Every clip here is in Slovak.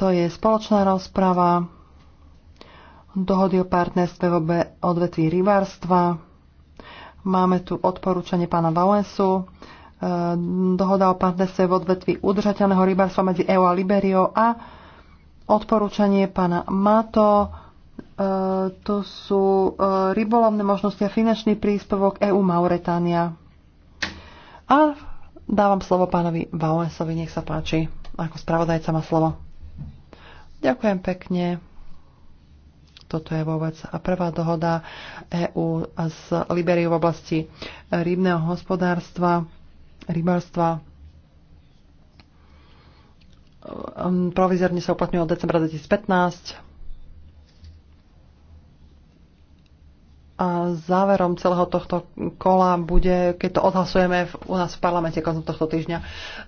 To je spoločná rozprava, dohody o partnerstve v odvetví rybárstva. Máme tu odporúčanie pána Valensu, e, dohoda o partnerstve v odvetví udržateľného rybárstva medzi EU a Liberiou a odporúčanie pána Mato, e, to sú e, rybolovné možnosti a finančný príspevok EU Mauretánia. A dávam slovo pánovi Valensovi, nech sa páči. Ako spravodajca má slovo. Ďakujem pekne. Toto je vôbec prvá dohoda EÚ s Liberiou v oblasti rybného hospodárstva, rybárstva. Ehm, provizorne sa uplatňuje od decembra 2015 A záverom celého tohto kola bude, keď to odhlasujeme v, u nás v parlamente koncom tohto týždňa,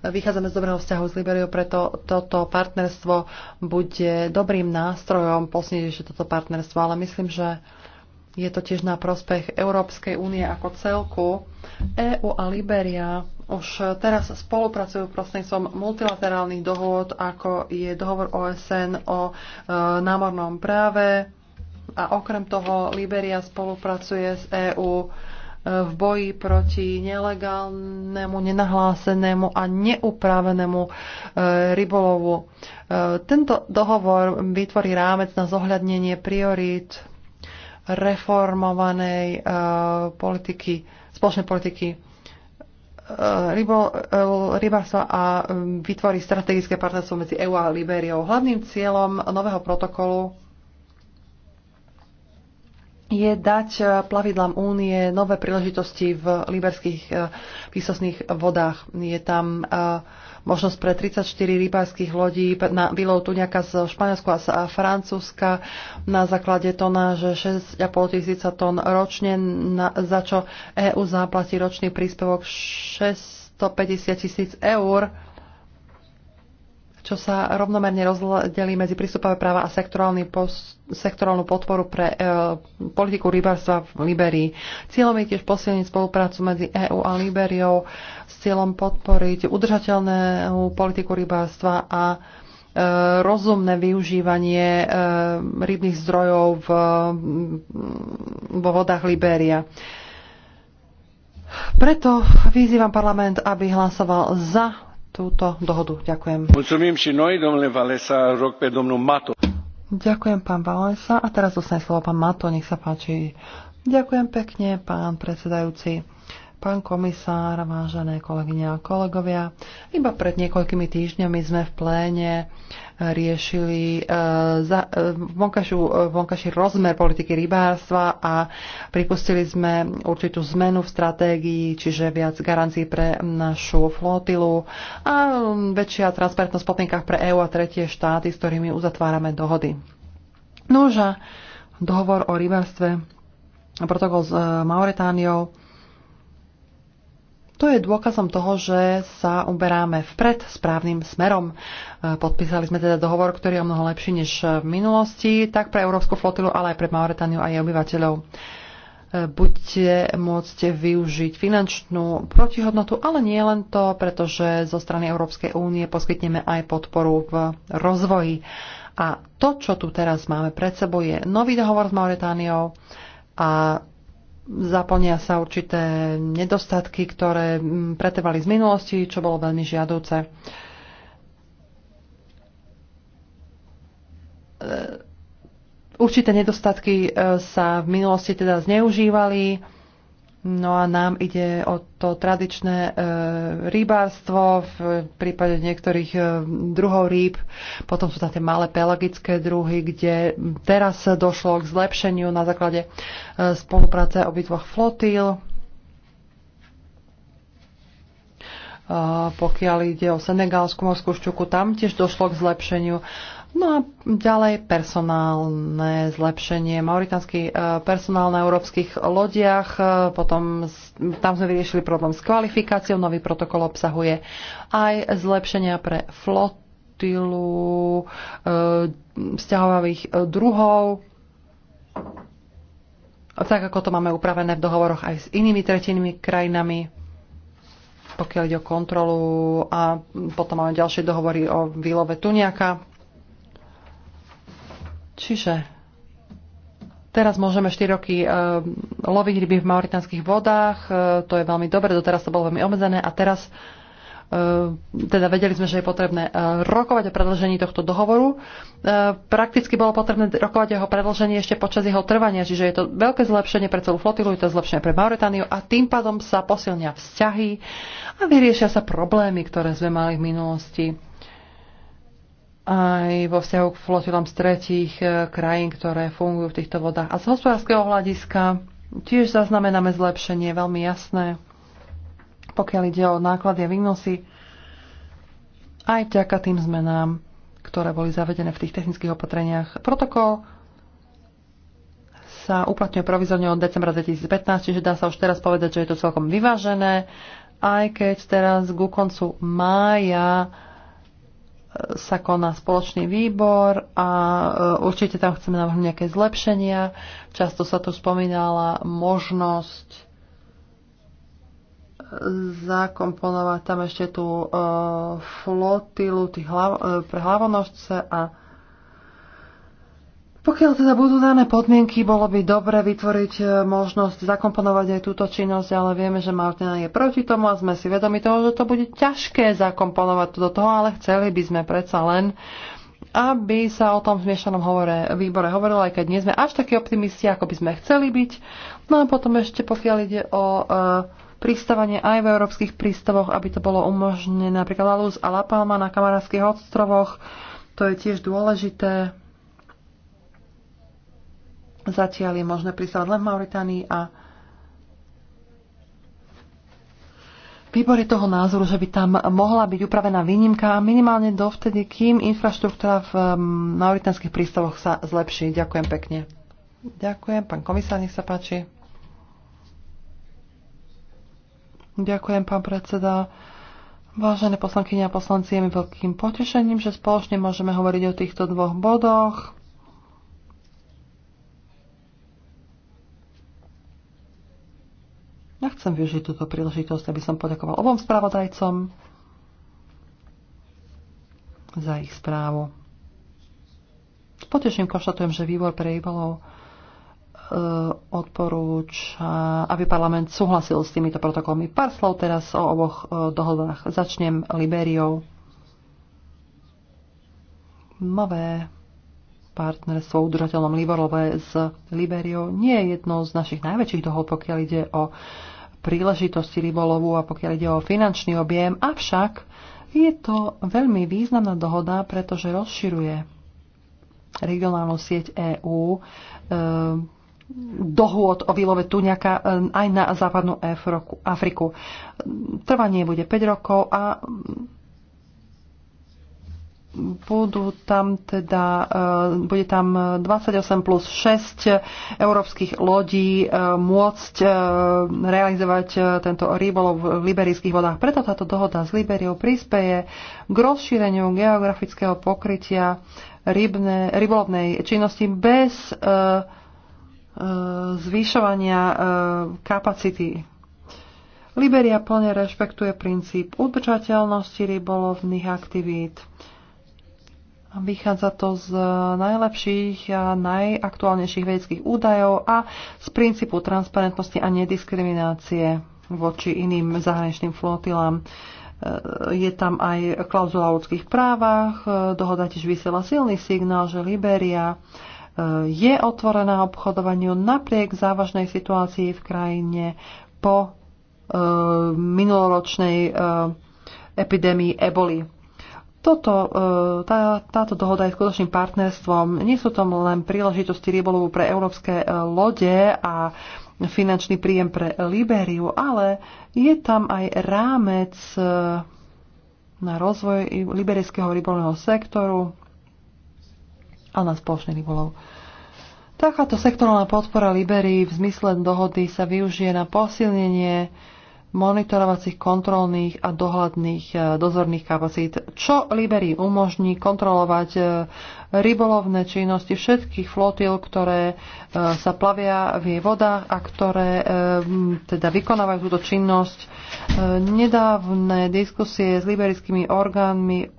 vychádzame z dobrého vzťahu s Liberiou, preto toto partnerstvo bude dobrým nástrojom posniť ešte toto partnerstvo, ale myslím, že je to tiež na prospech Európskej únie ako celku. EÚ a Liberia už teraz spolupracujú prostredníctvom multilaterálnych dohôd, ako je dohovor OSN o e, námornom práve, a okrem toho Liberia spolupracuje s EÚ e, v boji proti nelegálnemu, nenahlásenému a neupravenému e, rybolovu. E, tento dohovor vytvorí rámec na zohľadnenie priorít reformovanej politiky, spoločnej politiky rybárstva a vytvorí strategické partnerstvo medzi EÚ a Libériou. Hlavným cieľom nového protokolu je dať e, plavidlám únie nové príležitosti v liberských výsosných e, vodách. Je tam e, možnosť pre 34 rybárskych lodí na výlov tuňaka z Španielska a Francúzska na základe že 6,5 tisíca tón ročne, na, za čo EÚ zaplatí ročný príspevok 650 tisíc eur čo sa rovnomerne rozdelí medzi prístupové práva a pos, sektorálnu podporu pre e, politiku rybárstva v Liberii. Cieľom je tiež posilniť spoluprácu medzi EÚ a Liberiou s cieľom podporiť udržateľnú politiku rybárstva a e, rozumné využívanie e, rybných zdrojov v, vo vodách Liberia. Preto vyzývam parlament, aby hlasoval za túto dohodu. Ďakujem. Ďakujem, pán Valesa A teraz dostane slovo pán Mato, nech sa páči. Ďakujem pekne, pán predsedajúci. Pán komisár, vážené kolegyne a kolegovia, iba pred niekoľkými týždňami sme v pléne e, riešili e, e, vonkajší rozmer politiky rybárstva a pripustili sme určitú zmenu v stratégii, čiže viac garancií pre našu flotilu a väčšia transparentnosť v podmienkach pre EÚ a tretie štáty, s ktorými uzatvárame dohody. Nože, dohovor o rybárstve a protokol s Mauretániou to je dôkazom toho, že sa uberáme vpred správnym smerom. E, podpísali sme teda dohovor, ktorý je o mnoho lepší než v minulosti, tak pre Európsku flotilu, ale aj pre Mauretániu a jej obyvateľov. E, buďte môcť využiť finančnú protihodnotu, ale nie len to, pretože zo strany Európskej únie poskytneme aj podporu v rozvoji. A to, čo tu teraz máme pred sebou, je nový dohovor s Mauretániou a zaplnia sa určité nedostatky, ktoré mm, pretrvali z minulosti, čo bolo veľmi žiadúce. E, určité nedostatky e, sa v minulosti teda zneužívali No a nám ide o to tradičné e, rybárstvo, v prípade niektorých e, druhov rýb. Potom sú tam tie malé pelagické druhy, kde teraz došlo k zlepšeniu na základe e, spolupráce obidvoch flotíl. E, pokiaľ ide o senegalskú morskú šťuku, tam tiež došlo k zlepšeniu. E, No a ďalej personálne zlepšenie. Mauritánsky e, personál na európskych lodiach, e, potom tam sme vyriešili problém s kvalifikáciou, nový protokol obsahuje aj zlepšenia pre flotilu e, vzťahovavých druhov, tak ako to máme upravené v dohovoroch aj s inými tretinými krajinami pokiaľ ide o kontrolu a potom máme ďalšie dohovory o výlove tuniaka Čiže teraz môžeme 4 roky uh, loviť ryby v mauritánskych vodách, uh, to je veľmi dobre, doteraz to bolo veľmi obmedzené a teraz eh, teda vedeli sme, že je potrebné rokovať o predlžení tohto dohovoru. prakticky bolo potrebné rokovať o jeho predlžení ešte počas jeho trvania, čiže je to veľké zlepšenie pre celú flotilu, je to zlepšenie pre Mauritániu a tým pádom sa posilnia vzťahy a vyriešia sa problémy, ktoré sme mali v minulosti aj vo vzťahu k flotilám z tretích e, krajín, ktoré fungujú v týchto vodách. A z hospodárskeho hľadiska tiež zaznamenáme zlepšenie, veľmi jasné, pokiaľ ide o náklady a výnosy, aj vďaka tým zmenám, ktoré boli zavedené v tých technických opatreniach. Protokol sa uplatňuje provizorne od decembra 2015, čiže dá sa už teraz povedať, že je to celkom vyvážené, aj keď teraz ku koncu mája sa koná spoločný výbor a e, určite tam chceme navrhnúť nejaké zlepšenia. Často sa tu spomínala možnosť e, zakomponovať tam ešte tú e, flotilu tých hlav, pre hlavonožce a pokiaľ teda budú dané podmienky, bolo by dobre vytvoriť e, možnosť zakomponovať aj túto činnosť, ale vieme, že Martina je proti tomu a sme si vedomi toho, že to bude ťažké zakomponovať to do toho, ale chceli by sme predsa len, aby sa o tom zmiešanom hovore, výbore hovorilo, aj keď nie sme až takí optimisti, ako by sme chceli byť. No a potom ešte, pokiaľ ide o e, pristávanie aj v európskych prístavoch, aby to bolo umožnené napríklad na Luz a La Palma na Kamarárskych ostrovoch, to je tiež dôležité Zatiaľ je možné pristávať len v Mauritánii a Výbor je toho názoru, že by tam mohla byť upravená výnimka minimálne dovtedy, kým infraštruktúra v mauritánskych prístavoch sa zlepší. Ďakujem pekne. Ďakujem. Pán komisár, nech sa páči. Ďakujem, pán predseda. Vážené poslankyne a poslanci, je mi veľkým potešením, že spoločne môžeme hovoriť o týchto dvoch bodoch. Ja chcem využiť túto príležitosť, aby som poďakoval obom spravodajcom za ich správu. S poteším konštatujem, že výbor pre rybolov e, odporúča, aby parlament súhlasil s týmito protokolmi. Pár slov teraz o oboch e, dohodách. Začnem Liberiou. Nové partnerstvo udržateľnom Liborové s Liberiou nie je jednou z našich najväčších dohod, pokiaľ ide o príležitosti Libolovu a pokiaľ ide o finančný objem, avšak je to veľmi významná dohoda, pretože rozširuje regionálnu sieť EÚ e, eh, dohôd o výlove tuňaka eh, aj na západnú Afriku. Trvanie bude 5 rokov a budú tam teda, e, bude tam 28 plus 6 európskych lodí e, môcť e, realizovať tento rybolov v liberijských vodách. Preto táto dohoda s Liberiou prispieje k rozšíreniu geografického pokrytia rybne, rybolovnej činnosti bez zvyšovania kapacity Liberia plne rešpektuje princíp udržateľnosti rybolovných aktivít Vychádza to z e, najlepších a najaktuálnejších vedeckých údajov a z princípu transparentnosti a nediskriminácie voči iným zahraničným flotilám. E, je tam aj klauzula o ľudských právach, e, dohoda tiež vysiela silný signál, že Liberia je otvorená obchodovaniu napriek závažnej situácii v krajine po minuloročnej epidémii eboli. Toto, e, tá, táto dohoda je skutočným partnerstvom. Nie sú to len príležitosti rybolovu pre európske e, lode a finančný príjem pre Liberiu, ale je tam aj rámec e, na rozvoj liberijského rybolovného sektoru a na spoločný rybolov. Takáto sektorálna podpora Liberii v zmysle dohody sa využije na posilnenie monitorovacích, kontrolných a dohľadných e, dozorných kapacít, čo Liberi umožní kontrolovať e, rybolovné činnosti všetkých flotil, ktoré e, sa plavia v jej vodách a ktoré teda vykonávajú túto činnosť. Nedávne diskusie s liberickými orgánmi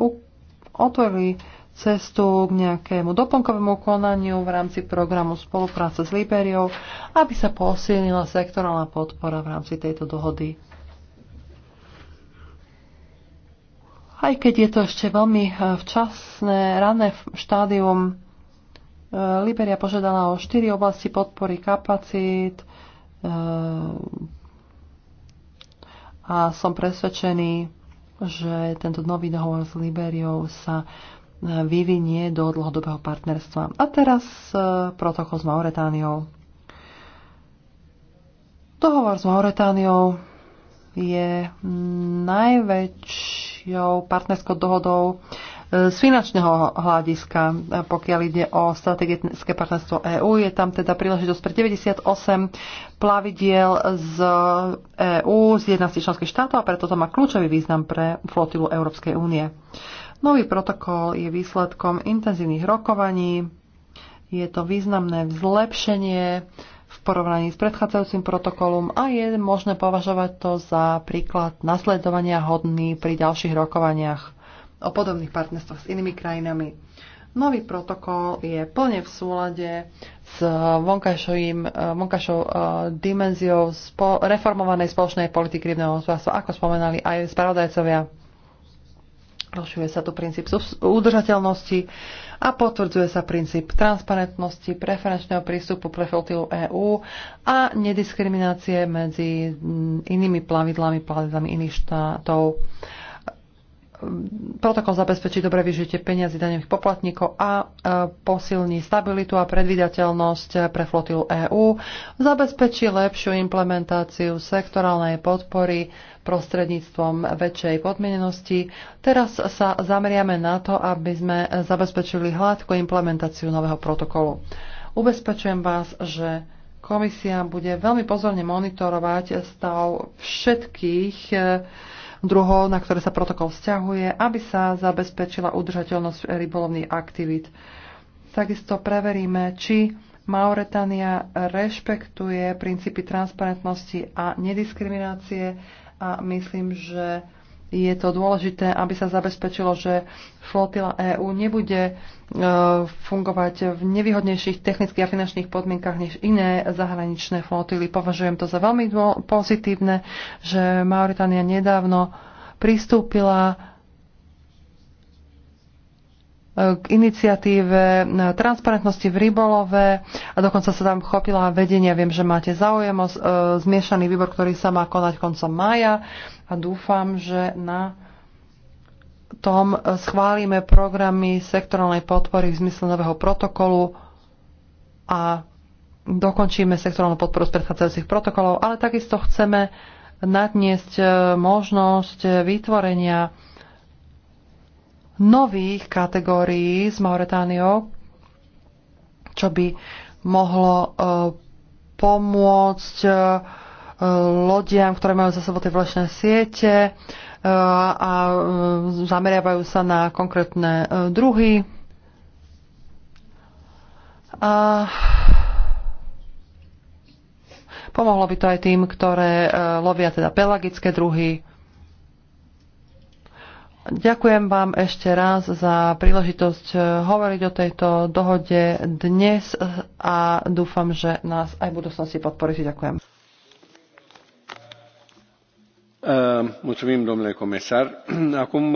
otvorili cestu k nejakému doplnkovému konaniu v rámci programu spolupráce s Liberiou, aby sa posilnila sektorálna podpora v rámci tejto dohody. Aj keď je to ešte veľmi eh, včasné, rané štádium, eh, Liberia požiadala o štyri oblasti podpory kapacít eh, a som presvedčený, že tento nový dohovor s Liberiou sa vyvinie do dlhodobého partnerstva. A teraz e, protokol s Mauretániou. Dohovor s Mauretániou je najväčšou partnerskou dohodou e, z finančného hľadiska, e, pokiaľ ide o strategické partnerstvo EÚ. Je tam teda príležitosť pre 98 plavidiel z EÚ, z 11 členských štátov a preto to má kľúčový význam pre flotilu Európskej únie. Nový protokol je výsledkom intenzívnych rokovaní. Je to významné vzlepšenie v porovnaní s predchádzajúcim protokolom a je možné považovať to za príklad nasledovania hodný pri ďalších rokovaniach o podobných partnerstvách s inými krajinami. Nový protokol je plne v súlade s eh, vonkajšou eh, dimenziou spo, reformovanej spoločnej politiky rybného hospodárstva, ako spomenali aj spravodajcovia. Rozšuje sa tu princíp udržateľnosti a potvrdzuje sa princíp transparentnosti, preferenčného prístupu pre flotilu EÚ a nediskriminácie medzi mm, inými plavidlami, plavidlami iných štátov protokol zabezpečí dobre vyžitie peniazy daňových poplatníkov a e, posilní stabilitu a predvydateľnosť e, pre flotilu EÚ, zabezpečí lepšiu implementáciu sektorálnej podpory prostredníctvom väčšej podmienenosti. Teraz sa zameriame na to, aby sme zabezpečili hladkú implementáciu nového protokolu. Ubezpečujem vás, že komisia bude veľmi pozorne monitorovať stav všetkých e, druhov, na ktoré sa protokol vzťahuje, aby sa zabezpečila udržateľnosť rybolovných aktivít. Takisto preveríme, či Mauretania rešpektuje princípy transparentnosti a nediskriminácie a myslím, že je to dôležité, aby sa zabezpečilo, že flotila EÚ nebude e, fungovať v nevýhodnejších technických a finančných podmienkach než iné zahraničné flotily. Považujem to za veľmi pozitívne, že Mauritania nedávno pristúpila k iniciatíve e, transparentnosti v rybolove a dokonca sa tam chopila vedenia. Viem, že máte záujem o e, zmiešaný výbor, ktorý sa má konať koncom mája a dúfam, že na tom schválime programy sektorálnej podpory v zmysle nového protokolu a dokončíme sektorálnu podporu z predchádzajúcich protokolov, ale takisto chceme nadniesť e, možnosť vytvorenia nových kategórií s Mauretániou, čo by mohlo e, pomôcť e, e, lodiam, ktoré majú za sebou tie vlečné siete a zameriavajú sa na konkrétne druhy. A pomohlo by to aj tým, ktoré lovia teda pelagické druhy. Ďakujem vám ešte raz za príležitosť eh, hovoriť o tejto dohode dnes eh, a dúfam, že nás aj v budúcnosti podporíte. Ďakujem. Eh, mulțumim, domnule comisar. Acum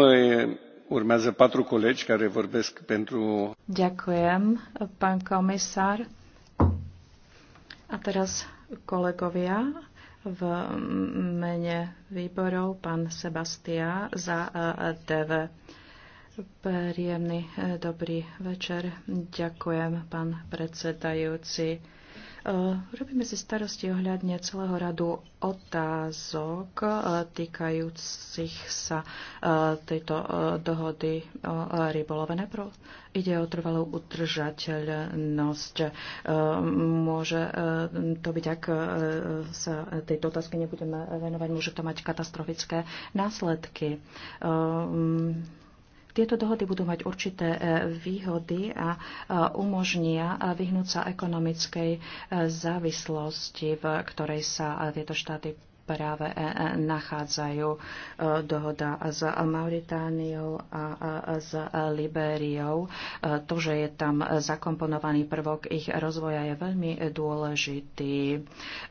urmează patru colegi care vorbesc pentru... Ďakujem, pán komisár. A teraz kolegovia v mene výborov pán Sebastia za TV. E, Príjemný e, dobrý večer. Ďakujem, pán predsedajúci. Eh, robíme si starosti ohľadne celého radu otázok eh, týkajúcich sa eh, tejto dohody o rybolove. Najprv ide o trvalú udržateľnosť. Môže to byť, ak sa tejto otázke nebudeme venovať, môže to mať katastrofické následky tieto dohody budú mať určité e, výhody a e, umožnia e, vyhnúť sa ekonomickej závislosti, v ktorej sa tieto štáty práve e e nachádzajú. E, dohoda s Mauritániou a s Libériou. To, že je tam zakomponovaný prvok ich rozvoja, je veľmi dôležitý.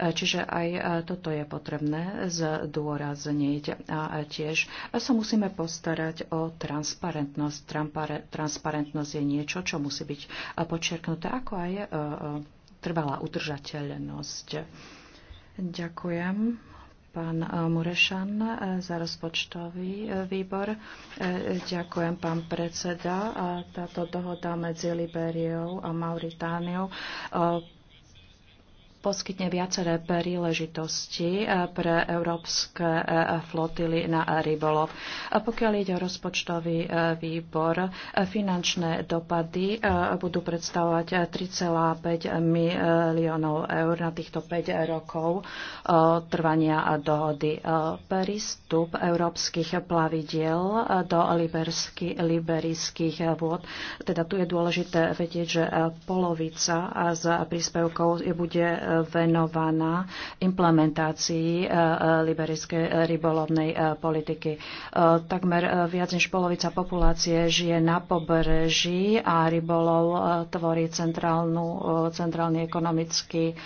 Čiže aj toto je potrebné zdôrazniť. A tiež sa musíme postarať o transparentnosť. Transparentnosť je niečo, čo musí byť počerknuté, ako aj trvalá udržateľnosť. Ďakujem pán eh, Murešan eh, za rozpočtový eh, výbor. Ďakujem, pán predseda. Táto dohoda medzi Liberiou a Mauritániou poskytne viaceré príležitosti eh, pre európske eh, flotily na rybolov. A pokiaľ ide o rozpočtový eh, výbor, finančné dopady budú predstavovať 3,5 miliónov eur na týchto 5 rokov trvania dohody. Prístup európskych plavidiel do liberských vôd. Teda tu je dôležité vedieť, že polovica z príspevkov bude venovaná implementácii e, e, liberijskej e, rybolovnej politiky. Takmer viac než polovica populácie žije na pobreží a rybolov tvorí centrálnu, centrálny ekonomický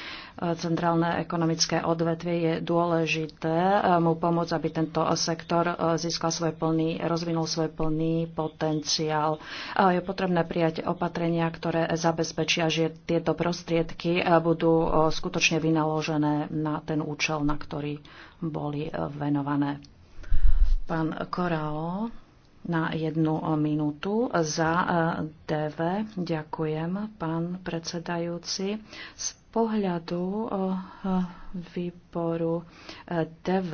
centrálne ekonomické odvetvie, je dôležité eh, mu pomôcť, aby tento sektor eh, získal svoj plný, rozvinul svoj plný potenciál. Je potrebné prijať opatrenia, ktoré zabezpečia, že tieto prostriedky eh, budú skutočne vynaložené na ten účel, na ktorý boli venované. Pán Korao na jednu minútu za e, DV. Ďakujem, pán predsedajúci. Z pohľadu e, výboru e, DV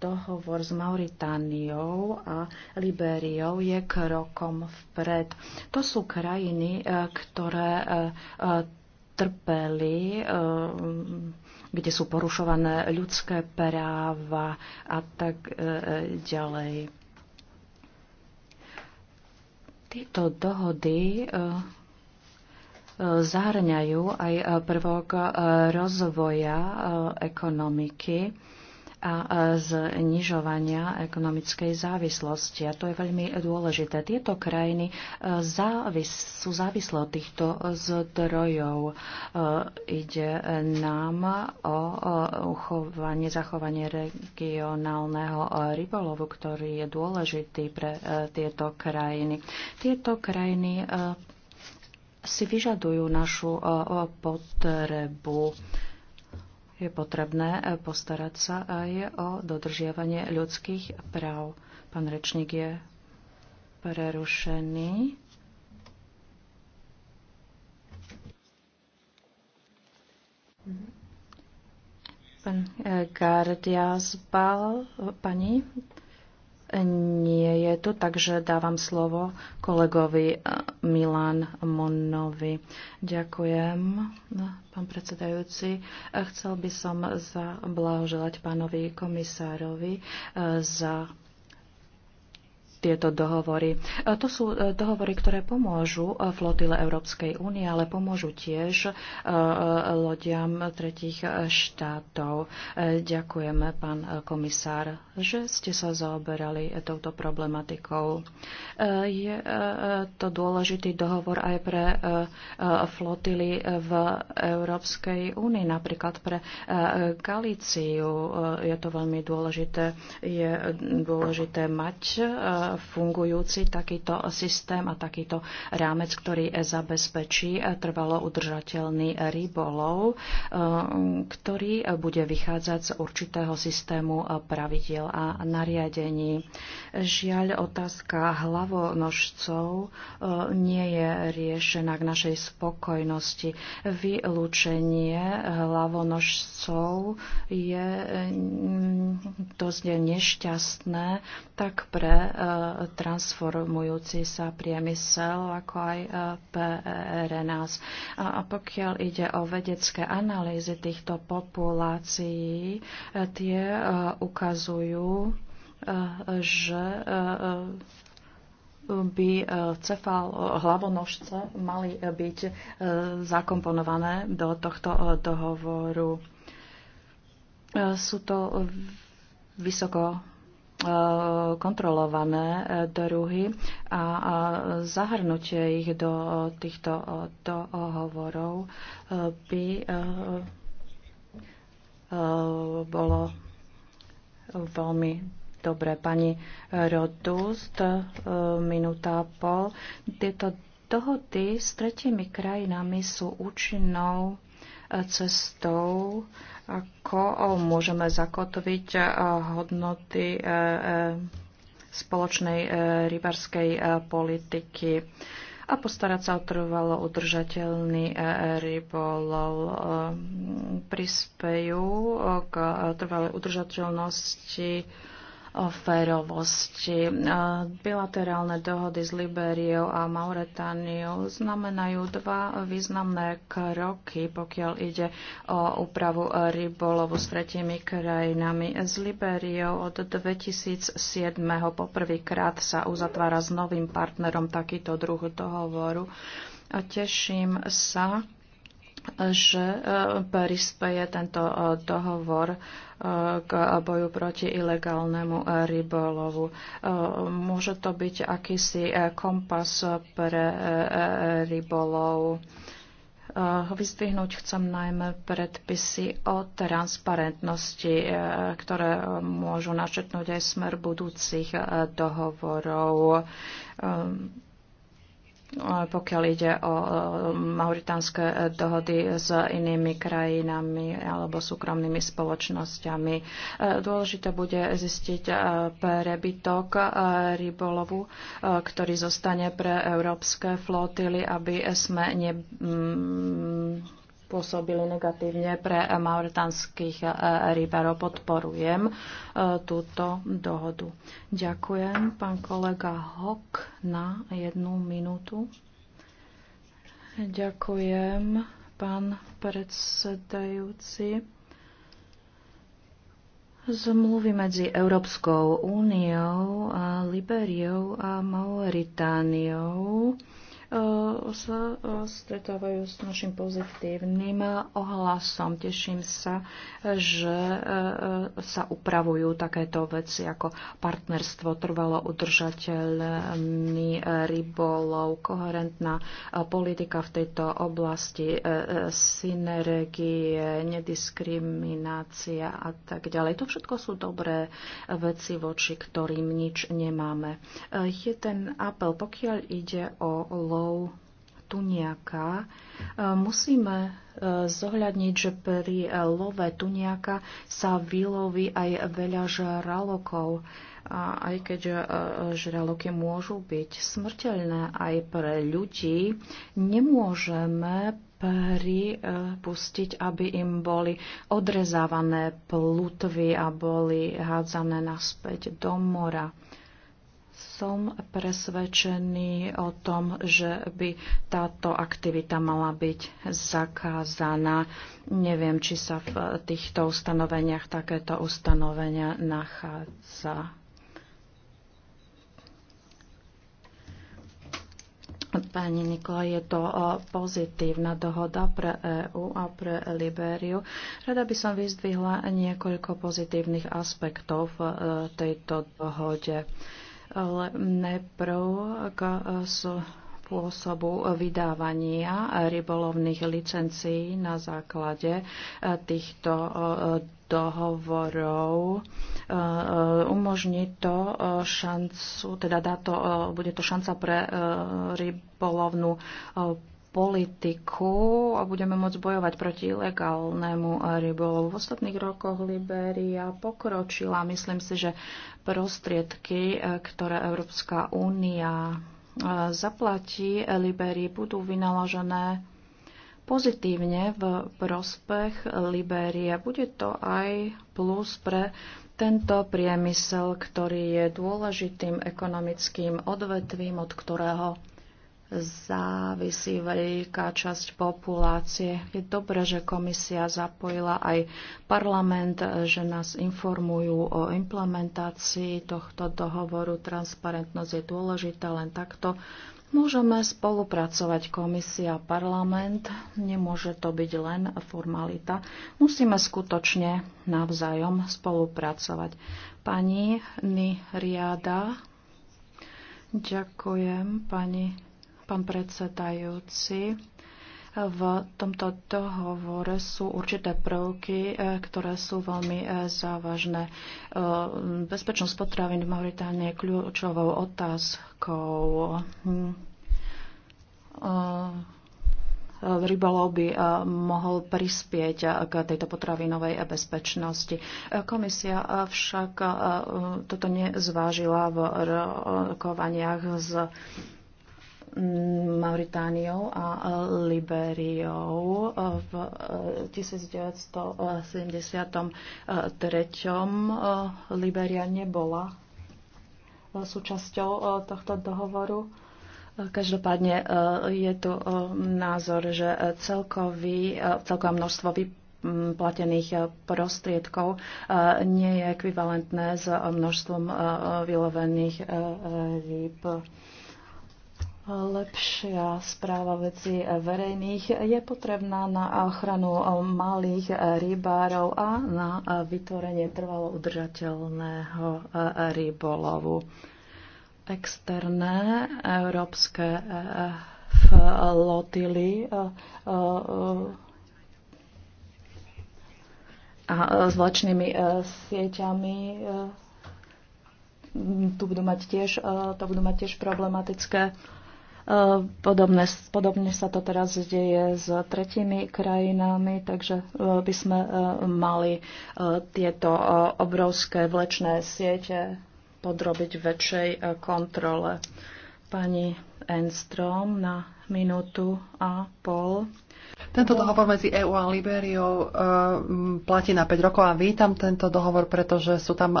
dohovor s Mauritániou a Liberiou je krokom vpred. To sú krajiny, ktoré trpeli kde sú porušované ľudské práva a tak ďalej. Tieto dohody eh, eh, zahrňajú aj eh, prvok rozvoja ekonomiky a znižovania ekonomickej závislosti. A to je veľmi dôležité. Tieto krajiny e, závis, sú závislé od týchto zdrojov. E, ide nám o uchovanie, zachovanie regionálneho rybolovu, ktorý je dôležitý pre e, tieto krajiny. Tieto krajiny si vyžadujú našu potrebu je potrebné e, postarať sa aj o dodržiavanie ľudských práv. Pán rečník je prerušený. Pán e, Gardiazbal, pani nie je tu, takže dávam slovo kolegovi eh, Milan Monovi. Ďakujem, pán predsedajúci. Eh, chcel by som zablahoželať pánovi komisárovi eh, za tieto dohovory. E, to sú e, dohovory, ktoré pomôžu e, flotile Európskej únie, ale pomôžu tiež lodiam tretich štátov. Ďakujeme, pán komisár, že ste sa zaoberali touto problematikou. Je to dôležitý dohovor aj pre flotily v Európskej únii, napríklad pre Galíciu. Je to veľmi dôležité. Je dôležité mať fungujúci takýto systém a takýto rámec, ktorý zabezpečí trvalo udržateľný rybolov, eh, ktorý bude vychádzať z určitého systému pravidiel a nariadení. Žiaľ, otázka hlavonožcov eh, nie je riešená k našej spokojnosti. Vylúčenie hlavonožcov je mm, dosť nešťastné tak pre eh, transformujúci sa priemysel, ako aj e, PRNAS. E a pokiaľ ide o vedecké analýzy týchto populácií, e, tie ukazujú, že by cefal hlavonožce mali byť zakomponované do tohto dohovoru. Sú to vysoko E, kontrolované e, druhy a zahrnutie ich do týchto e, dohovorov by bolo veľmi dobré. Pani Rodust, minúta a pol. Tieto dohody s tretimi krajinami sú účinnou cestou, ak ako môžeme zakotviť eh, hodnoty eh, eh, spoločnej rybarskej politiky a postarať sa o trvalo udržateľný rybolov. Prispejú k trvalej udržateľnosti o férovosti. Bilaterálne dohody s Liberiou a Mauretániou znamenajú dva významné kroky, pokiaľ ide o úpravu rybolovu s tretími krajinami. S Liberiou od 2007. poprvýkrát sa uzatvára s novým partnerom takýto druh dohovoru. A teším sa, že e, prispeje tento e, dohovor k boju proti ilegálnemu rybolovu. Môže to byť akýsi kompas pre rybolov. Vyzdvihnúť chcem najmä predpisy o transparentnosti, ktoré môžu načetnúť aj smer budúcich dohovorov Eh, pokiaľ ide o eh, mauritánske eh, dohody s inými krajinami alebo súkromnými spoločnosťami. Dôležité bude zistiť prebytok rybolovu, ktorý zostane pre európske flotily, aby sme ne mm, pôsobili negatívne pre mauretanských eh, rybárov. Podporujem eh, túto dohodu. Ďakujem, pán kolega Hok, na jednu minútu. Ďakujem, pán predsedajúci. Zmluvy medzi Európskou úniou Liberiou a Mauritániou sa stretávajú s našim pozitívnym ohlasom. Teším sa, že e, e, sa upravujú takéto veci ako partnerstvo, trvalo udržateľný rybolov, koherentná e, politika v tejto oblasti, synergie, nediskriminácia a tak ďalej. To všetko sú dobré veci, voči ktorým nič nemáme. Je ten apel, pokiaľ ide o lovou tuniaka, e, musíme e, zohľadniť, že pri e, love tuniaka sa vyloví aj veľa žralokov. A aj keď žraloky môžu byť smrteľné aj pre ľudí, nemôžeme pripustiť, aby im boli odrezávané plutvy a boli hádzané naspäť do mora som presvedčený o tom, že by táto aktivita mala byť zakázaná. Neviem, či sa v týchto ustanoveniach takéto ustanovenia nachádza. Pani Nikola, je to pozitívna dohoda pre EÚ a pre Libériu. Rada by som vyzdvihla niekoľko pozitívnych aspektov v e, tejto dohode ale neprv k spôsobu vydávania rybolovných licencií na základe týchto eh, dohovorov. Eh, umožní to eh, šancu, teda dá to, bude to šanca pre rybolovnú politiku a budeme môcť bojovať proti ilegálnemu rybolovu. V ostatných rokoch Liberia pokročila. Myslím si, že prostriedky, e, ktoré Európska únia e, zaplatí Liberii, budú vynaložené pozitívne v prospech Liberia. Bude to aj plus pre tento priemysel, ktorý je dôležitým ekonomickým odvetvím, od ktorého závisí veľká časť populácie. Je dobré, že komisia zapojila aj parlament, že nás informujú o implementácii tohto dohovoru. Transparentnosť je dôležitá, len takto môžeme spolupracovať komisia a parlament. Nemôže to byť len formalita. Musíme skutočne navzájom spolupracovať. Pani Niriada, ďakujem pani Pán predsedajúci, v tomto dohovore sú určité prvky, e, ktoré sú veľmi e, závažné. E, bezpečnosť potravín v Mauritánii je kľúčovou otázkou hm. rybolov by mohol prispieť k tejto potravinovej bezpečnosti. Komisia však toto nezvážila v rokovaniach s Mauritániou a Liberiou v 1973. Eh, eh, Liberia nebola eh, súčasťou tohto dohovoru. Každopádne je tu názor, že celkový, celkové množstvo platených prostriedkov nie je ekvivalentné s množstvom vylovených rýb. Lepšia správa veci verejných je potrebná na ochranu malých rybárov a na vytvorenie trvalo udržateľného rybolovu. Externé európske flotily eh, eh, a vlačnými eh, sieťami tu budú mať tiež, to budú mať tiež problematické Eh, podobne, podobne sa to teraz deje s tretimi krajinami, takže eh, by sme eh, mali tieto obrovské vlečné siete podrobiť väčšej kontrole. Pani Enstrom na minútu a pol. Tento dohovor medzi EÚ a Libériou e, platí na 5 rokov a vítam tento dohovor, pretože sú tam e,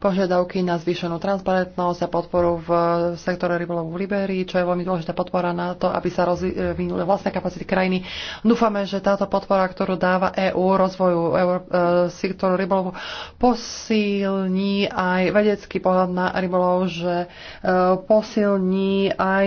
požiadavky na zvýšenú transparentnosť a podporu v e, sektore rybolovu v Libérii, čo je veľmi dôležitá podpora na to, aby sa rozvinuli vlastné kapacity krajiny. Dúfame, že táto podpora, ktorú dáva EÚ rozvoju sektoru rybolovu, posilní aj vedecký pohľad na rybolov, že posilní aj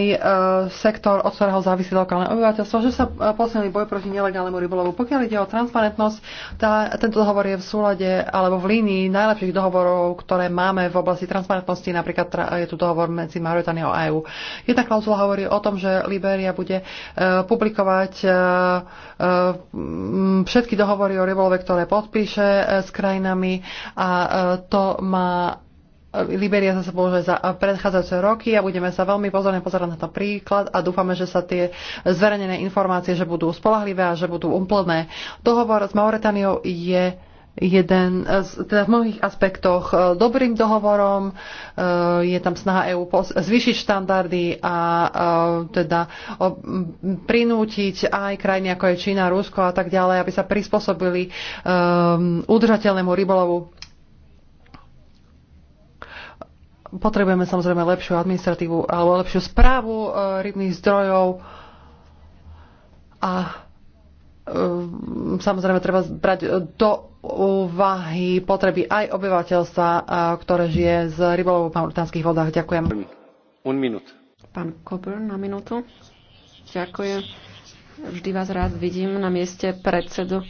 sektor, od ktorého závisí lokálne obyvateľstvo, že sa posilní boj proti nelegálnemu rybolovu. Pokiaľ ide o transparentnosť, tá, tento dohovor je v súlade alebo v línii najlepších dohovorov, ktoré máme v oblasti transparentnosti. Napríklad je tu dohovor medzi Mauritániou a EÚ. Jedna klauzula hovorí o tom, že Liberia bude e, publikovať e, e, všetky dohovory o rybolove, ktoré podpíše s krajinami a to má Liberia zase bože za eh, predchádzajúce roky a budeme sa veľmi pozorne pozerať na to príklad a dúfame, že sa tie zverejnené informácie že budú spolahlivé a že budú úplné. Dohovor s Mauretániou je jeden z, teda v mnohých aspektoch eh, dobrým dohovorom. Eh, je tam snaha EÚ zvýšiť štandardy a teda prinútiť aj krajiny ako je Čína, Rusko a tak ďalej, aby sa prispôsobili udržateľnému rybolovu Potrebujeme samozrejme lepšiu administratívu alebo lepšiu správu e, rybných zdrojov a e, samozrejme treba brať do úvahy potreby aj obyvateľstva, e, ktoré žije z rybolovu v mauritánskych vodách. Ďakujem. Un minút. Pán Kober na minútu. Ďakujem. Vždy vás rád vidím na mieste predsedu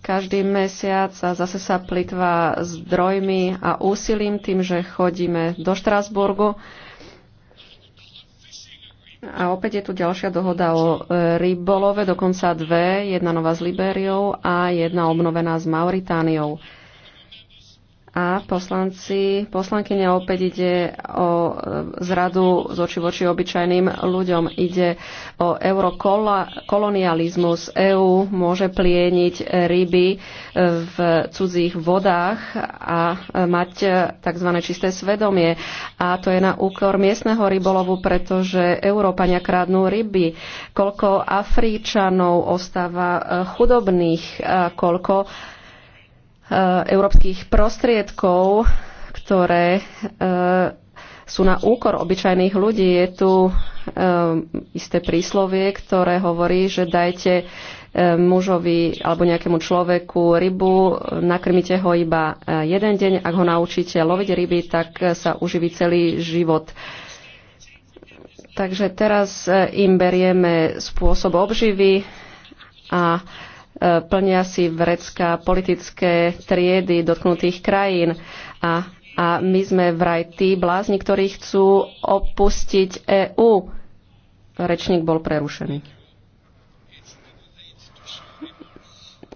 každý mesiac a zase sa plitva zdrojmi a úsilím tým, že chodíme do Štrásburgu. A opäť je tu ďalšia dohoda o e, rybolove, dokonca dve, jedna nová s Libériou a jedna obnovená s Mauritániou a poslanci, poslankyňa opäť ide o e, zradu z oči voči obyčajným ľuďom. Ide o eurokolonializmus. EÚ môže plieniť ryby e, v cudzích vodách a e, mať tzv. čisté svedomie. A to je na úkor miestneho rybolovu, pretože Európania krádnú ryby. Koľko Afričanov ostáva chudobných, koľko Eh, európskych prostriedkov, ktoré eh, sú na úkor obyčajných ľudí. Je tu eh, isté príslovie, ktoré hovorí, že dajte mužovi alebo nejakému človeku rybu, nakrmite ho iba jeden deň, ak ho naučíte loviť ryby, tak sa uživí celý život. Takže teraz im berieme spôsob obživy a E, plnia si vrecká politické triedy dotknutých krajín a, a my sme vraj tí blázni, ktorí chcú opustiť EÚ. Rečník bol prerušený.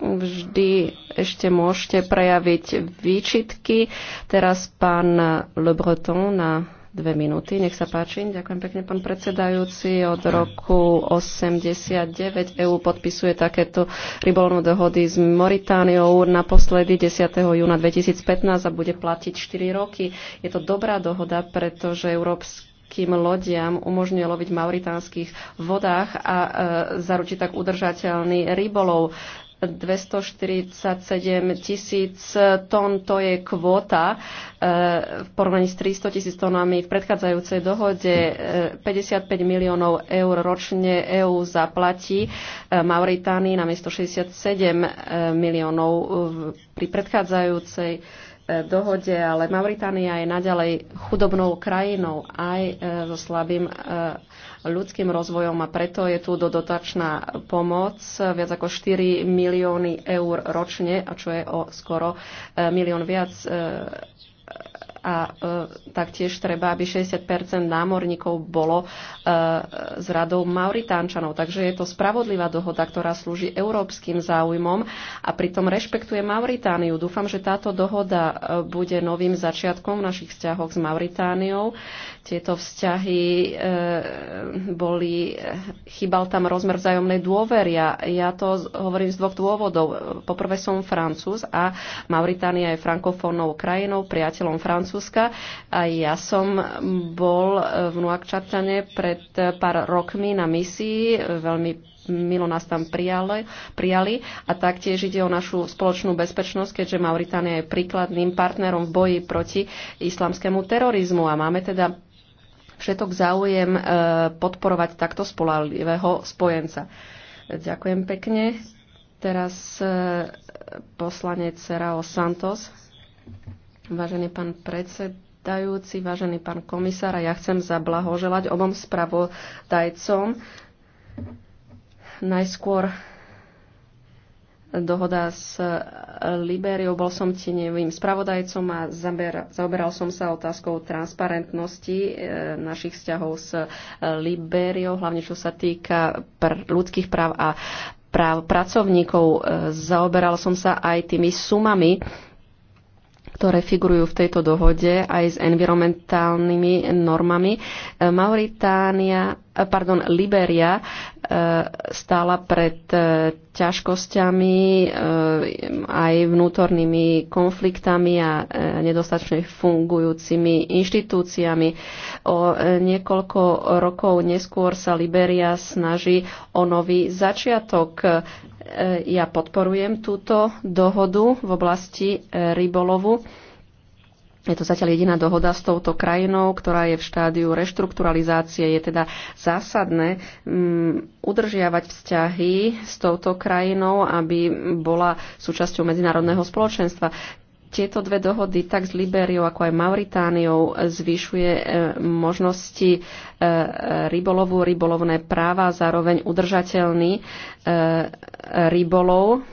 Vždy ešte môžete prejaviť výčitky. Teraz pán Le Breton na dve minúty. Nech sa páči. Ďakujem pekne, pán predsedajúci. Od roku 89 EÚ podpisuje takéto rybolovné dohody s Moritániou naposledy 10. júna 2015 a bude platiť 4 roky. Je to dobrá dohoda, pretože Európsky kým lodiam umožňuje loviť v mauritánskych vodách a e, zaručiť tak udržateľný rybolov. 247 tisíc tón, to je kvóta e, v porovnaní s 300 tisíc tónami v predchádzajúcej dohode. 55 e, miliónov eur ročne EÚ zaplatí e, Mauritánii na miesto 67 miliónov pri predchádzajúcej dohode, ale Mauritánia je naďalej chudobnou krajinou aj so slabým ľudským rozvojom a preto je tu dodotačná pomoc viac ako 4 milióny eur ročne, a čo je o skoro eh, milión viac eh, a e, taktiež treba, aby 60 námorníkov bolo e, z radou Mauritánčanov. Takže je to spravodlivá dohoda, ktorá slúži európskym záujmom a pritom rešpektuje Mauritániu. Dúfam, že táto dohoda e, bude novým začiatkom v našich vzťahoch s Mauritániou. Tieto vzťahy e, boli, e, chýbal tam rozmer vzájomnej dôvery a ja to hovorím z dvoch dôvodov. Poprvé som Francúz a Mauritánia je frankofónnou krajinou, priateľom Francúz Francúzska. A ja som bol v Nuakčarčane pred pár rokmi na misii, veľmi milo nás tam prijali, prijali a taktiež ide o našu spoločnú bezpečnosť, keďže Mauritánia je príkladným partnerom v boji proti islamskému terorizmu a máme teda všetok záujem e, podporovať takto spolahlivého spojenca. Ďakujem pekne. Teraz e, poslanec Rao Santos. Vážený pán predsedajúci, vážený pán komisár, ja chcem zablahoželať obom spravodajcom. Najskôr dohoda s liberiou, Bol som tieňovým spravodajcom a zaoberal som sa otázkou transparentnosti e, našich vzťahov s Liberiou, hlavne čo sa týka pr- ľudských práv a práv pracovníkov. E, zaoberal som sa aj tými sumami, ktoré figurujú v tejto dohode aj s environmentálnymi normami. E, Mauritánia, e, pardon, Liberia e, stála pred ťažkosťami aj vnútornými konfliktami a nedostačne fungujúcimi inštitúciami. O niekoľko rokov neskôr sa Liberia snaží o nový začiatok E, ja podporujem túto dohodu v oblasti e, rybolovu. Je to zatiaľ jediná dohoda s touto krajinou, ktorá je v štádiu reštrukturalizácie. Je teda zásadné mm, udržiavať vzťahy s touto krajinou, aby bola súčasťou medzinárodného spoločenstva tieto dve dohody tak s Liberiou, ako aj Mauritániou zvyšuje e, možnosti e, rybolovu, rybolovné práva, zároveň udržateľný e, rybolov.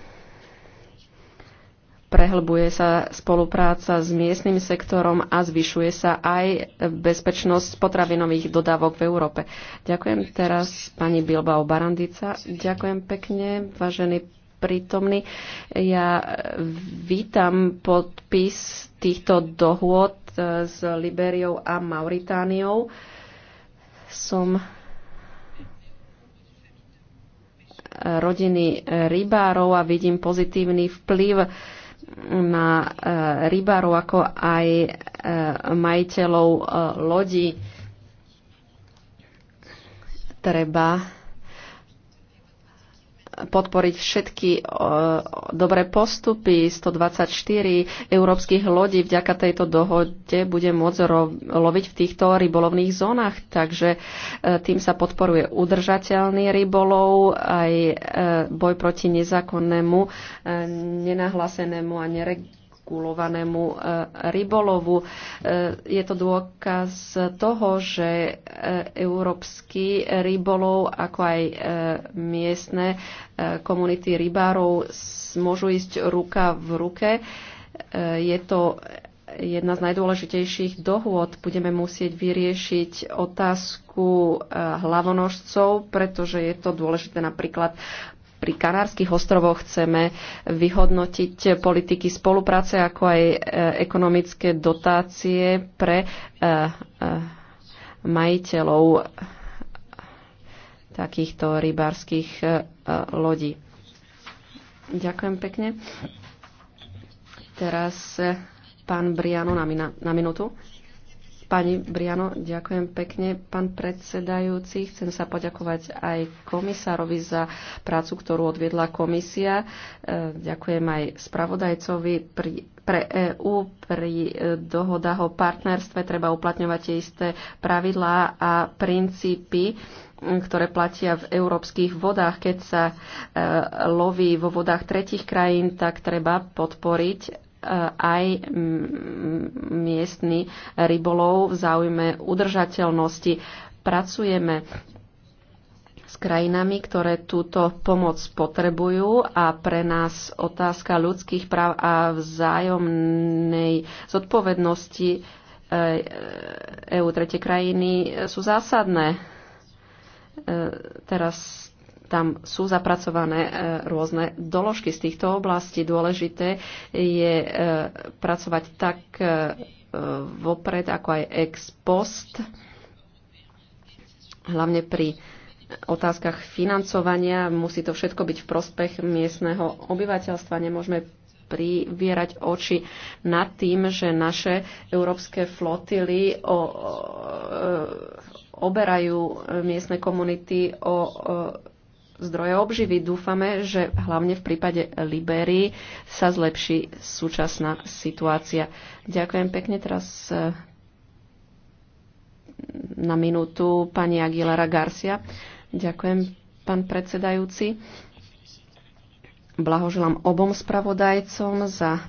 Prehlbuje sa spolupráca s miestnym sektorom a zvyšuje sa aj bezpečnosť potravinových dodávok v Európe. Ďakujem teraz pani Bilbao Barandica. Ďakujem pekne, vážený prítomní. Ja vítam podpis týchto dohôd e, s Liberiou a Mauritániou. Som e, rodiny rybárov a vidím pozitívny vplyv na e, rybárov ako aj majiteľov lodí. Treba podporiť všetky e, dobré postupy. 124 európskych lodí vďaka tejto dohode bude môcť loviť v týchto rybolovných zónach, takže e, tým sa podporuje udržateľný rybolov, aj e, boj proti nezákonnému, nenahlásenému a neregistrovanému regulovanému e, rybolovu. E, je to dôkaz toho, že e, európsky rybolov, ako aj miestne komunity rybárov môžu ísť ruka v ruke. Je to jedna z najdôležitejších dohôd. Budeme musieť vyriešiť otázku hlavonožcov, pretože je to dôležité napríklad pri Kanárskych ostrovoch chceme vyhodnotiť politiky spolupráce, ako aj e, ekonomické dotácie pre e, e, majiteľov takýchto rybárskych lodí. Ďakujem pekne. Teraz pán Briano na, min- na minútu. Pani Briano, ďakujem pekne. Pán predsedajúci, chcem sa poďakovať aj komisárovi za prácu, ktorú odviedla komisia. E, ďakujem aj spravodajcovi pri pre EÚ pri e, dohodách o partnerstve treba uplatňovať tie isté pravidlá a princípy, ktoré platia v európskych vodách. Keď sa e, loví vo vodách tretich krajín, tak treba podporiť aj mm, miestny rybolov v záujme udržateľnosti. Pracujeme s krajinami, ktoré túto pomoc potrebujú a pre nás otázka ľudských práv a vzájomnej zodpovednosti EU e, e tretie krajiny sú zásadné. E, teraz tam sú zapracované e, rôzne doložky z týchto oblastí. Dôležité je e, pracovať tak e, vopred, ako aj ex post, hlavne pri otázkach financovania. Musí to všetko byť v prospech miestneho obyvateľstva. Nemôžeme privierať oči nad tým, že naše európske flotily o, o, oberajú miestne komunity o, o zdroje obživy. Dúfame, že hlavne v prípade Liberii sa zlepší súčasná situácia. Ďakujem pekne teraz eh, na minútu pani Aguilera Garcia. Ďakujem, pán predsedajúci. Blahoželám obom spravodajcom za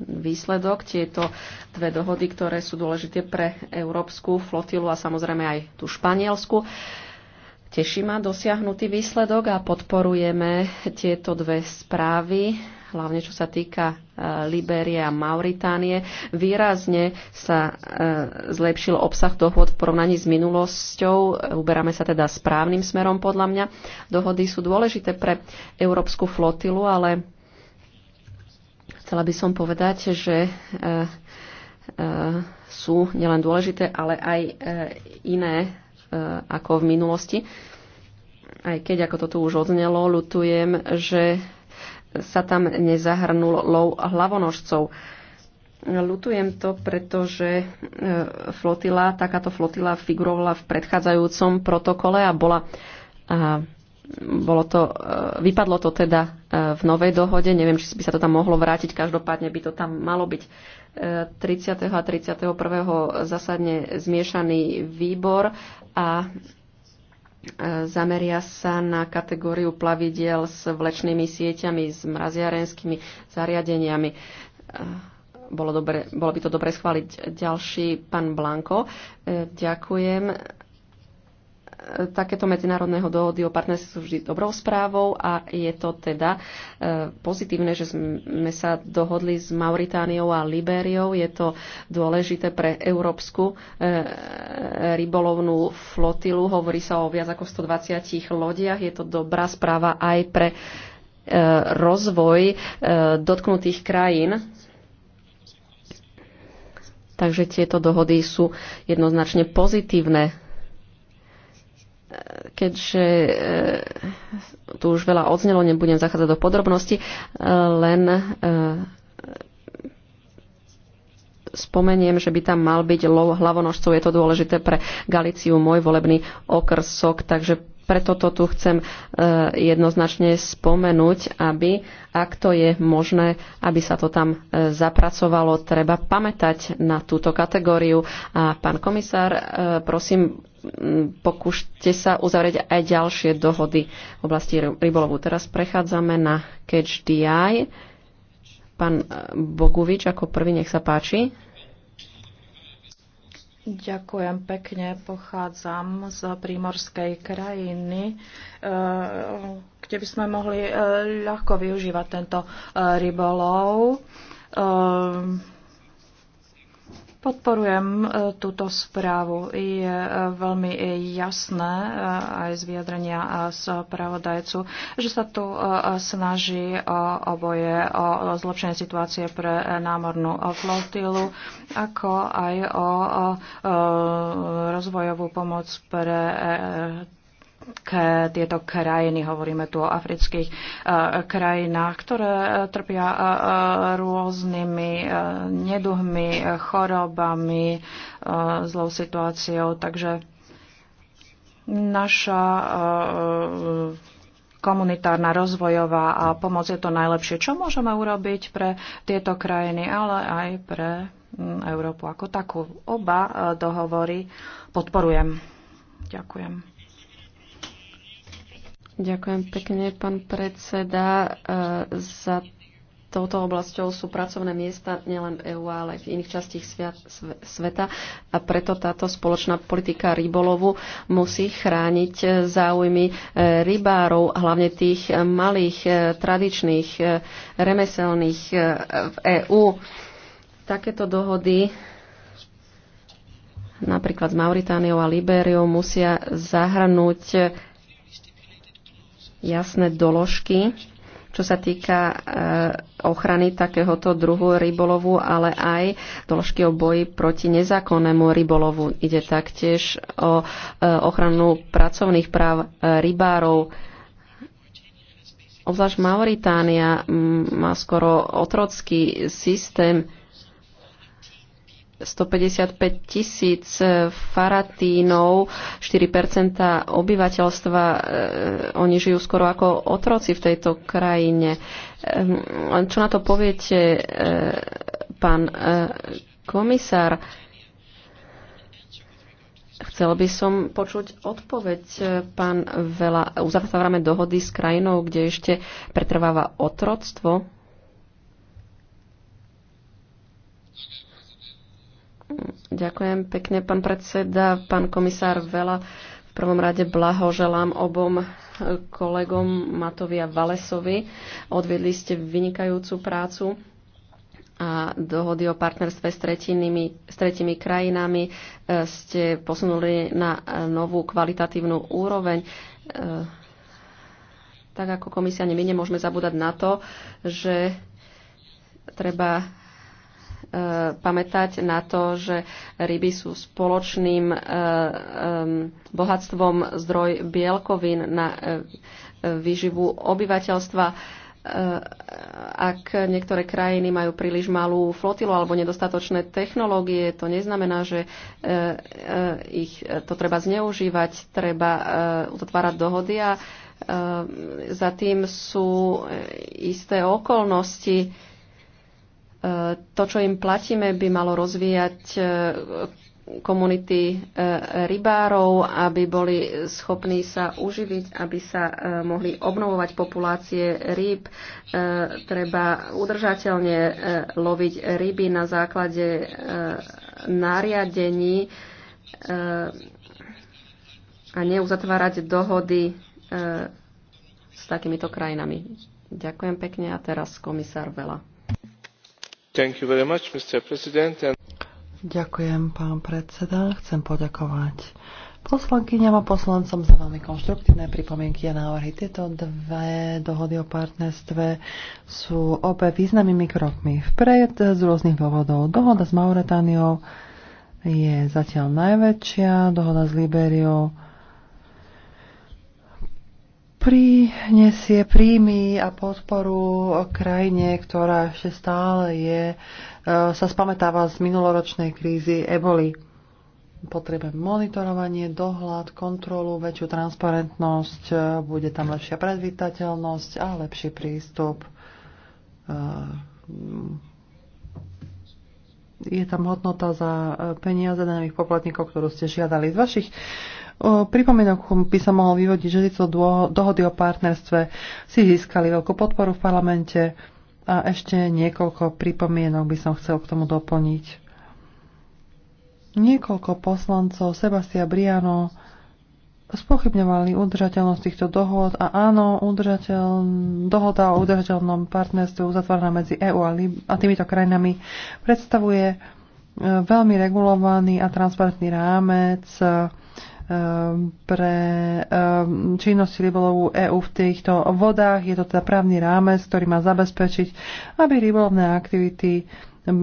výsledok. Tieto dve dohody, ktoré sú dôležité pre európsku flotilu a samozrejme aj tú španielsku. Teší ma dosiahnutý výsledok a podporujeme tieto dve správy, hlavne čo sa týka e, Liberie a Mauritánie. Výrazne sa e, zlepšil obsah dohod v porovnaní s minulosťou. E, uberáme sa teda správnym smerom podľa mňa. Dohody sú dôležité pre európsku flotilu, ale chcela by som povedať, že sú nielen dôležité, ale aj iné E, ako v minulosti. Aj keď, ako to tu už odznelo, lutujem, že sa tam nezahrnul lov hlavonožcov. Lutujem to, pretože e, flotila, takáto flotila figurovala v predchádzajúcom protokole a bola a bolo to, e, vypadlo to teda v novej dohode, neviem, či by sa to tam mohlo vrátiť, každopádne by to tam malo byť. 30. a 31. zasadne zmiešaný výbor a e, zameria sa na kategóriu plavidiel s vlečnými sieťami, s mraziarenskými zariadeniami. E, bolo, dobre, bolo by to dobre schváliť ďalší pán Blanko. E, ďakujem takéto medzinárodného dohody o partnerstve sú vždy dobrou správou a je to teda e, pozitívne, že sme sa dohodli s Mauritániou a Libériou. Je to dôležité pre európsku e, rybolovnú flotilu. Hovorí sa o viac ako 120 lodiach. Je to dobrá správa aj pre e, rozvoj dotknutých krajín. Takže tieto dohody sú jednoznačne pozitívne keďže e, tu už veľa odznelo, nebudem zachádzať do podrobnosti, e, len e, spomeniem, že by tam mal byť lov hlavonožcov. Je to dôležité pre galiciu môj volebný okrsok, takže preto to tu chcem e, jednoznačne spomenúť, aby, ak to je možné, aby sa to tam e, zapracovalo, treba pamätať na túto kategóriu. A pán komisár, e, prosím, pokúšte sa uzavrieť aj ďalšie dohody v oblasti rybolovu. Teraz prechádzame na Catch DI. Pán Bogovič, ako prvý, nech sa páči. Ďakujem pekne. Pochádzam z prímorskej krajiny, eh, kde by sme mohli eh, ľahko využívať tento eh, rybolov Podporujem e, túto správu. Je e, veľmi jasné e, aj z vyjadrenia spravodajcu, že sa tu snaží o oboje, o zlepšenie situácie pre námornú flotilu, ako aj o rozvojovú pomoc pre tieto krajiny, hovoríme tu o afrických e, krajinách, ktoré e, trpia e, rôznymi neduhmi, chorobami, zlou situáciou. Takže naša komunitárna rozvojová a pomoc je to najlepšie, čo môžeme urobiť pre tieto krajiny, ale aj pre Európu ako takú. Oba dohovory podporujem. Ďakujem. Ďakujem pekne, pán predseda. E, za touto oblasťou sú pracovné miesta nielen v EU, ale aj v iných častiach sveta a preto táto spoločná politika rybolovu musí chrániť e, záujmy e, rybárov, hlavne tých malých, tradičných, remeselných v EÚ. Takéto dohody napríklad s Mauritániou a Libériou musia zahrnúť jasné doložky, čo sa týka e, ochrany takéhoto druhu rybolovu, ale aj doložky o boji proti nezákonnému rybolovu. Ide taktiež o e, ochranu pracovných práv e, rybárov. Obzvlášť Mauritánia má skoro otrocký systém 155 tisíc e, faratínov, 4 obyvateľstva, e, oni žijú skoro ako otroci v tejto krajine. Ehm, čo na to poviete, e, pán komisár? Chcel by som počuť odpoveď, pán Vela. Uzatvárame dohody s krajinou, kde ešte pretrváva otroctvo? Ďakujem pekne, pán predseda, pán komisár Vela. V prvom rade blahoželám obom kolegom Matovi a Valesovi. Odvedli ste vynikajúcu prácu a dohody o partnerstve s, tretinými, s tretími krajinami e, ste posunuli na novú kvalitatívnu úroveň. E, tak ako komisia, my nemôžeme zabúdať na to, že treba Eh, pamätať na to, že ryby sú spoločným eh, bohatstvom zdroj bielkovín na eh, výživu obyvateľstva. Ak niektoré krajiny majú príliš malú flotilu alebo nedostatočné technológie, to neznamená, že ich to treba zneužívať, treba utvárať dohody a za tým sú isté okolnosti, to, čo im platíme, by malo rozvíjať e, komunity e, rybárov, aby boli schopní sa uživiť, aby sa e, mohli obnovovať populácie rýb. Treba udržateľne loviť ryby na základe nariadení a neuzatvárať dohody s takýmito krajinami. Ďakujem pekne a teraz komisár Vela. Ďakujem, pán predseda. Chcem poďakovať poslankyňam a poslancom za veľmi konštruktívne pripomienky a návrhy. Tieto dve dohody o partnerstve sú obe významnými krokmi vpred z rôznych dôvodov. Dohoda s Mauretániou je zatiaľ najväčšia, dohoda s Liberiou prinesie príjmy a podporu krajine, ktorá ešte stále je, e, sa spametáva z minuloročnej krízy eboli. Potrebe monitorovanie, dohľad, kontrolu, väčšiu transparentnosť, e, bude tam lepšia predvídateľnosť a lepší prístup. E, je tam hodnota za peniaze daných poplatníkov, ktorú ste žiadali. Z vašich Pripomienok by som mohol vyvodiť, že tieto dohody o partnerstve si získali veľkú podporu v parlamente a ešte niekoľko pripomienok by som chcel k tomu doplniť. Niekoľko poslancov Sebastia Briano spochybňovali udržateľnosť týchto dohod a áno, udržateľ, dohoda o udržateľnom partnerstve uzatvorená medzi EÚ a, a týmito krajinami predstavuje e, veľmi regulovaný a transparentný rámec Ehm, pre ehm, činnosti rybolovu e EÚ v týchto vodách. Je to teda právny rámec, ktorý má zabezpečiť, aby rybolovné aktivity mm, ehm,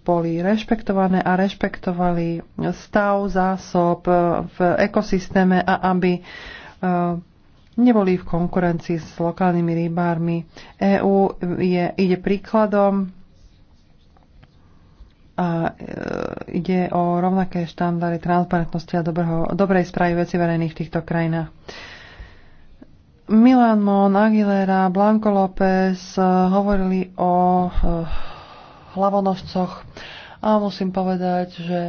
boli rešpektované a rešpektovali stav zásob e, v ekosystéme a aby neboli v konkurencii s lokálnymi rybármi. EÚ ide príkladom a e, ide o rovnaké štandardy transparentnosti a dobrého, dobrej správy veci verejných v týchto krajinách. Milan Mon, Aguilera, Blanco López eh, hovorili o eh, hlavonožcoch a musím povedať, že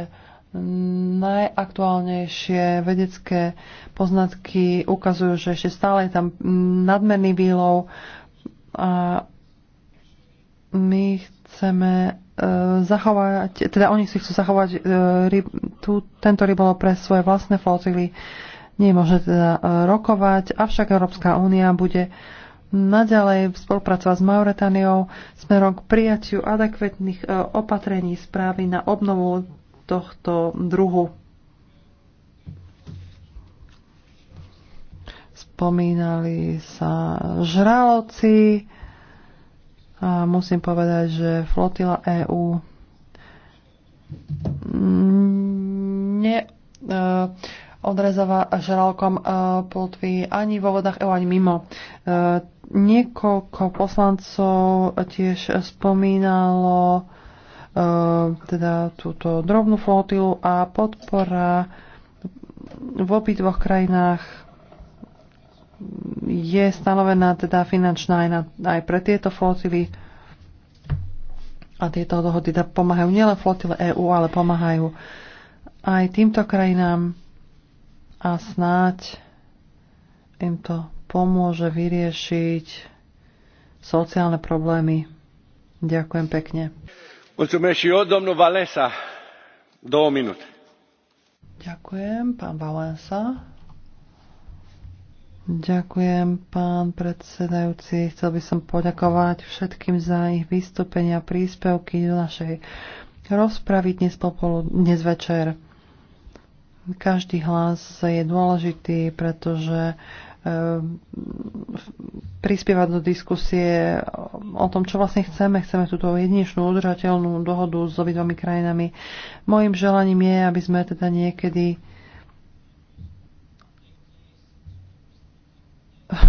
najaktuálnejšie vedecké poznatky ukazujú, že ešte stále je tam nadmerný výlov a my chceme Eh, zachovať, teda oni si chcú zachovať eh, ryb, tú, tento rybolov pre svoje vlastné flotily. Nie môže teda e, rokovať, avšak Európska únia bude naďalej spolupracovať s Mauretániou smerom k prijatiu adekvetných opatrení správy na obnovu tohto druhu. Spomínali sa žraloci, a musím povedať, že flotila EÚ mm, ne e, odrezáva žralkom e, plotvy ani vo vodách EU, ani mimo. E, niekoľko poslancov tiež spomínalo teda túto drobnú flotilu a podpora v obidvoch krajinách je stanovená teda finančná aj, na, aj pre tieto flotily. A tieto dohody teda pomáhajú nielen flotile EÚ, ale pomáhajú aj týmto krajinám a snáď im to pomôže vyriešiť sociálne problémy. Ďakujem pekne. Ďakujem, pán Valensa. Ďakujem, pán predsedajúci. Chcel by som poďakovať všetkým za ich vystúpenia, a príspevky do našej rozpravy dnes, popolu, dnes večer. Každý hlas je dôležitý, pretože e, prispieva do diskusie o tom, čo vlastne chceme. Chceme túto jedinečnú udržateľnú dohodu s obidvomi krajinami. Mojím želaním je, aby sme teda niekedy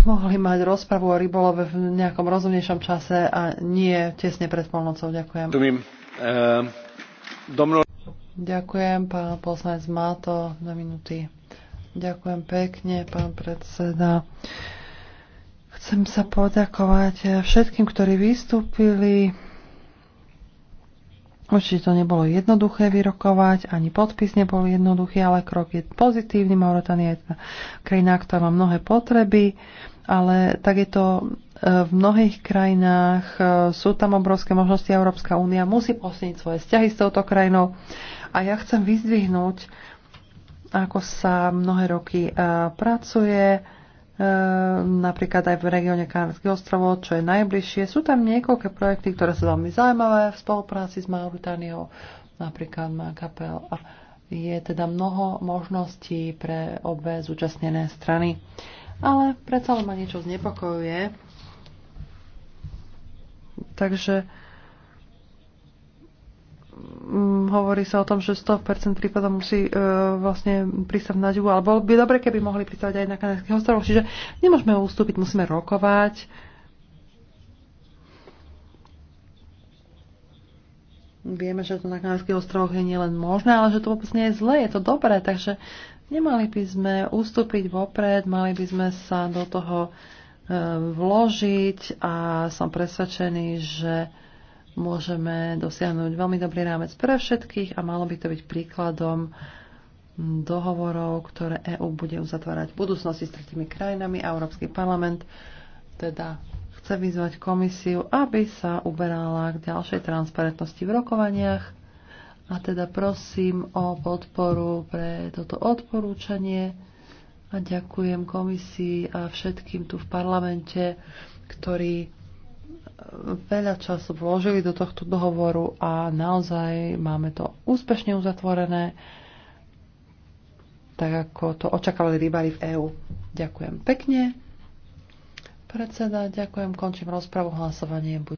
mohli mať rozpravu o rybolove v nejakom rozumnejšom čase a nie tesne pred polnocou. Ďakujem. Eh, Ďakujem, pán poslanec Máto, na minúty. Ďakujem pekne, pán predseda. Chcem sa poďakovať všetkým, ktorí vystúpili. Určite to nebolo jednoduché vyrokovať, ani podpis nebol jednoduchý, ale krok je pozitívny. Mauritania je krajina, ktorá má mnohé potreby, ale tak je to e, v mnohých krajinách, e, sú tam obrovské možnosti. Európska únia musí posilniť svoje vzťahy s touto krajinou. A ja chcem vyzdvihnúť, ako sa mnohé roky e, pracuje, Ehm, napríklad aj v regióne Kanárskych ostrovov, čo je najbližšie. Sú tam niekoľké projekty, ktoré sú veľmi zaujímavé v spolupráci s Mauritániou, napríklad kapel. A je teda mnoho možností pre obe zúčastnené strany. Ale predsa ma niečo znepokojuje. Takže hovorí sa o tom, že 100% prípadov musí e, vlastne pristať na Ďubu, ale bolo by dobre, keby mohli pristať aj na Kanárských ostrovoch, čiže nemôžeme ustúpiť, musíme rokovať. Vieme, že to na kanadských ostrovoch je nielen možné, ale že to vôbec nie je zlé, je to dobré, takže nemali by sme ustúpiť vopred, mali by sme sa do toho e, vložiť a som presvedčený, že môžeme dosiahnuť veľmi dobrý rámec pre všetkých a malo by to byť príkladom dohovorov, ktoré EÚ bude uzatvárať v budúcnosti s tretimi krajinami a Európsky parlament teda chce vyzvať komisiu, aby sa uberala k ďalšej transparentnosti v rokovaniach a teda prosím o podporu pre toto odporúčanie a ďakujem komisii a všetkým tu v parlamente, ktorí veľa času vložili do tohto dohovoru a naozaj máme to úspešne uzatvorené, tak ako to očakávali rybári v EÚ. Ďakujem pekne. Predseda, ďakujem, končím rozpravu, hlasovanie.